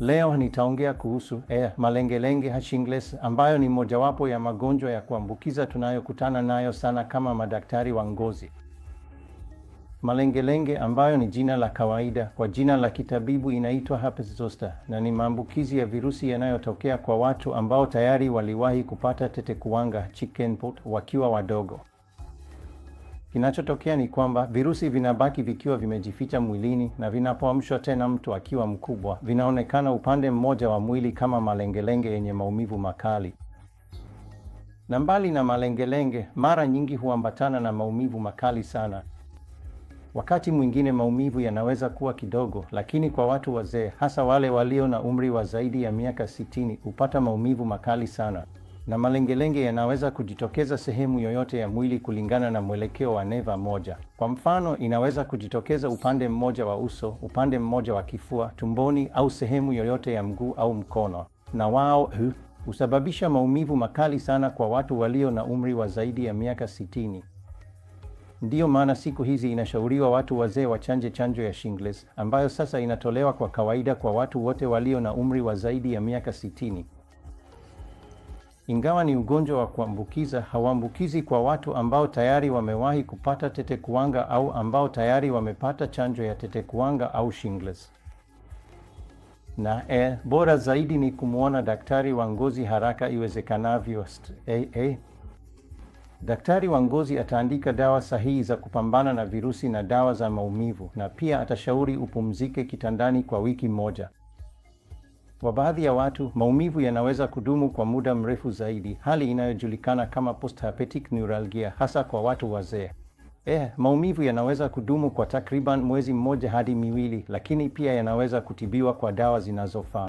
Leo nitaongea kuhusu eh, malengelenge Hashingles ambayo ni mojawapo ya magonjwa ya kuambukiza tunayokutana nayo sana kama madaktari wa ngozi. Malengelenge ambayo ni jina la kawaida, kwa jina la kitabibu inaitwa herpes zoster, na ni maambukizi ya virusi yanayotokea kwa watu ambao tayari waliwahi kupata tetekuwanga, chickenpox, wakiwa wadogo. Kinachotokea ni kwamba virusi vinabaki vikiwa vimejificha mwilini na vinapoamshwa tena mtu akiwa mkubwa, vinaonekana upande mmoja wa mwili kama malengelenge yenye maumivu makali. Na mbali na malengelenge, mara nyingi huambatana na maumivu makali sana. Wakati mwingine maumivu yanaweza kuwa kidogo, lakini kwa watu wazee, hasa wale walio na umri wa zaidi ya miaka 60 hupata maumivu makali sana na malengelenge yanaweza kujitokeza sehemu yoyote ya mwili kulingana na mwelekeo wa neva moja. Kwa mfano, inaweza kujitokeza upande mmoja wa uso, upande mmoja wa kifua, tumboni au sehemu yoyote ya mguu au mkono, na wao husababisha husababisha maumivu makali sana kwa watu walio na umri wa zaidi ya miaka 60. Ndiyo maana siku hizi inashauriwa watu wazee wachanje chanjo ya shingles ambayo sasa inatolewa kwa kawaida kwa watu wote walio na umri wa zaidi ya miaka 60. Ingawa ni ugonjwa wa kuambukiza, hauambukizi kwa watu ambao tayari wamewahi kupata tetekuwanga au ambao tayari wamepata chanjo ya tetekuwanga au shingles. Na eh, bora zaidi ni kumwona daktari wa ngozi haraka iwezekanavyo. E, Daktari wa ngozi ataandika dawa sahihi za kupambana na virusi na dawa za maumivu, na pia atashauri upumzike kitandani kwa wiki moja. Kwa baadhi ya watu, maumivu yanaweza kudumu kwa muda mrefu zaidi, hali inayojulikana kama postherpetic neuralgia, hasa kwa watu wazee. Eh, maumivu yanaweza kudumu kwa takriban mwezi mmoja hadi miwili, lakini pia yanaweza kutibiwa kwa dawa zinazofaa.